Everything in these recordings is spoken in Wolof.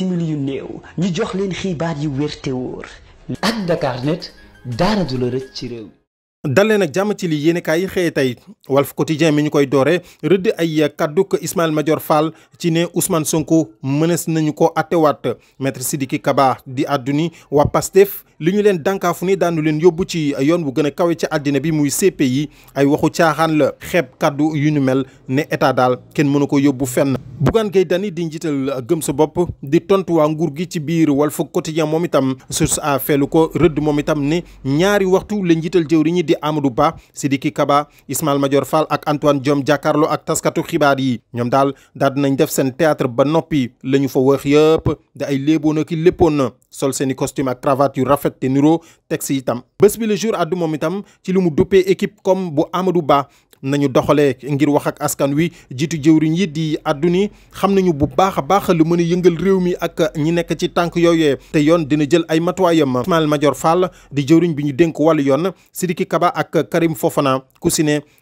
simili ñu jox leen xibaar yu wér te wóor ak Dakarnet daara du ci réew mi dalee nag jàmm ci li yéenekaay yi xëye tey Walf Quotidien mi ñu koy doore rëdd ay kàddu kàdduk Ismaïla Madior Fall ci ne Ousmane Sonko mënees nañu ko attewaat maître Sidiki Kaba di àdduni waa Pastef li ñu leen dànkaafu ni daanu leen yóbbu ci yoon bu gën a kawe ci àddina bi muy yi ay waxu caaxaan la xep kàddu yu ñu mel ne état daal kenn mënu ko yóbbu fenn Bougane Gueye Dany di njiital euh, gëm sa bopp di tontu waa nguur gi ci biir Walf Quotidien moom itam source a feelu ko rëdd moom itam ni ñaari waxtu la njiital jëwriñi di Amadou Ba Sidiki Kaba Ismaïla Madior Fall ak Antoine Diome jàkkaarloo ak taskatu xibaar yi ñoom daal daal dinañ def seen théâtre ba noppi la ñu fa wax yëpp da ay léeboon a ki léppoon na sol seeni costume ak cravate yu rafet te niroo teg si itam bés bi le jour àddu moom itam ci li mu duppee équipe comme bu Amadou Ba nañu doxalee ngir wax ak askan wi jiitu jëwriñ yi di àdduni xam nañu bu baax a baax lu mën yëngal réew mi ak ñi nekk ci tànk yooyee te yoon dina jël ay matuwaayam ma Madior Fall di jëwriñ bi ñu dénk wàllu yoon Sidiki Kaba ak Karim Fofana ku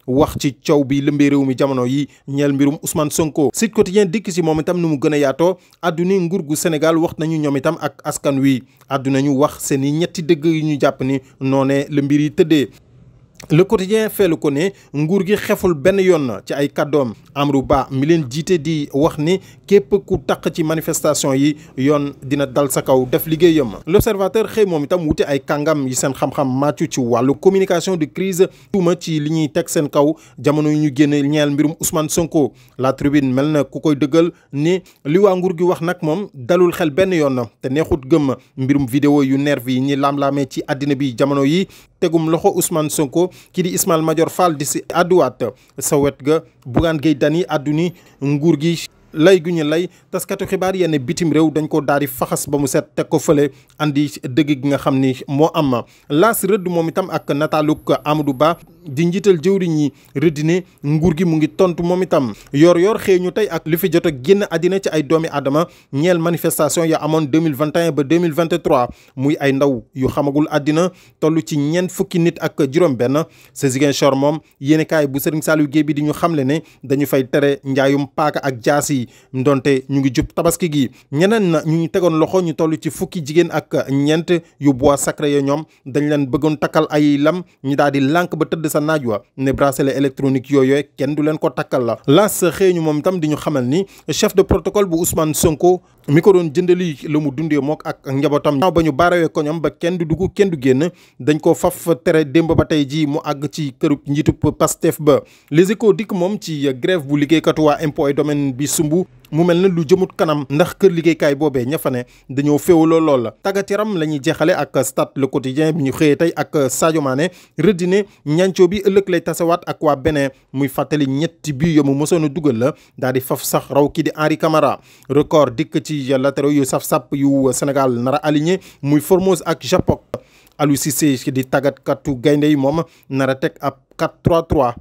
wax ci coow bi lëmbee réew mi jamono yi ñeel mbirum Ousmane Sonko Sud Quotidien dikk si moom itam nu mu gën yaatoo àdduni nguur gu Sénégal wax nañu ñoom itam ak askan wi àdduna ñu wax seen i ñetti dëgg yu ñu jàpp ni noone la mbir yi tëddee le quotidien feelu ko ne nguur gi xeful benn yoon ci ay kàddoom Amadou Ba mi leen jiite di wax ni képp ku taq ci manifestation yi yoon dina dal sa kaw def liggéeyam. l' observateur xëy moom itam wute ay kàngam yi seen xam-xam màccu ci wàllu communication de crise tuuma ci li ñuy teg seen kaw jamono yu ñu génn ñeel mbirum Ousmane Sonko la tribune mel na ku koy dëggal ni li waa nguur gi wax nag moom dalul xel benn yoon te neexut gëm mbirum vidéo yu nerve yi ñi lam ci àddina bi jamono yi tegum loxo Ousmane Sonko. kii di Ismaïla Madior Fall di si àdduwaat sa wet ga Bougane Gueye Dany àddu nguur gi lay gu ñu lay taskatu xibaar yenn bitim réew dañ ko daal di faxas ba mu set teg ko fële andi dëgg gi nga xam ni moo am las rëdd moom itam ak nataaluk Amadou Ba di njiital jëwriñ ñi rëdd ne nguur gi mu ngi tontu moom itam yor-yor xëy ñu tey ak li fi jot a génn àddina ci ay doomi aadama ñeel manifestation ya amoon 2021 ba 2023 muy ay ndaw yu xamagul àddina toll ci ñeent fukki nit ak juróom-benn sa Ziguinchor moom yéenekaay bu Serigne Saliou Guèye bi di ñu xam xamle ne dañu fay tere njaayum paaka ak jaas yi yi ndonte ñu ngi jub tabaski gi ñeneen na ñu tegoon loxo ñu toll ci fukki jigéen ak ñeent yu bois sacré ya ñoom dañ leen bëggoon takkal ay lam ñu daal di lànk ba tëdd sa naaj wa ne bracelet électronique yooyu kenn du leen ko takkal la las xëy ñu moom itam di ñu xamal ni chef de protocole bu Ousmane Sonko mi ko doon jëndali la mu dundee mook ak njabootam ñaaw ba ñu baarawee ko ba kenn du dugg kenn du génn dañ ko faf tere démb ba tey ji mu àgg ci kërub njiitub Pastef ba Les Échos dikk moom ci grève bu démb mu mel ne lu jëmut kanam ndax kër liggéeykaay boobee ña fa ne dañoo féewaloo lool la tàggat yaram la ñuy jeexale ak state le quotidien bi ñu xëyee tey ak Sadio Mané rëddine ñancoo bi ëllëg lay tasewaat ak waa Benin muy fàttali ñetti bi yomu mu a dugal la daal di faf sax raw kii di Henri Camara record dikk ci latéraux yu saf-sap yu Sénégal nar a aligné muy Formose ak Japok si Cissé di tàggatkatu gaynde yi moom nar a teg ab 4-3-3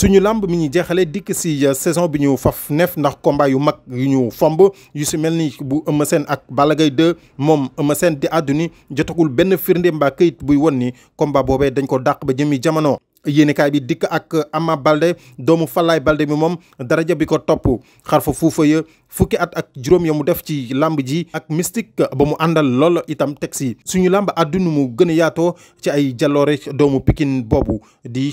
suñu làmb mi ñu jeexale dikk si euh, saison bi ñu faf neef ndax komba yu mag yu ñu fomb yu si mel ni bu Eumeu Sène ak balagay Gaye moom Eumeu Sène di àdduni jotagul benn firnde mbaa këyit buy won ni combat boobee dañ ko dàq ba jëmi jamono. yéenekaay bi dikk ak Ama Balde doomu Falaay Balde bi moom daraja bi ko topp xarfa fuufa ya fukki at ak juróom ya mu def ci làmb ji ak mystique ba mu àndal lool itam teg si suñu làmb àdduna mu gën a yaatoo ci ay jaloore doomu Pikine boobu di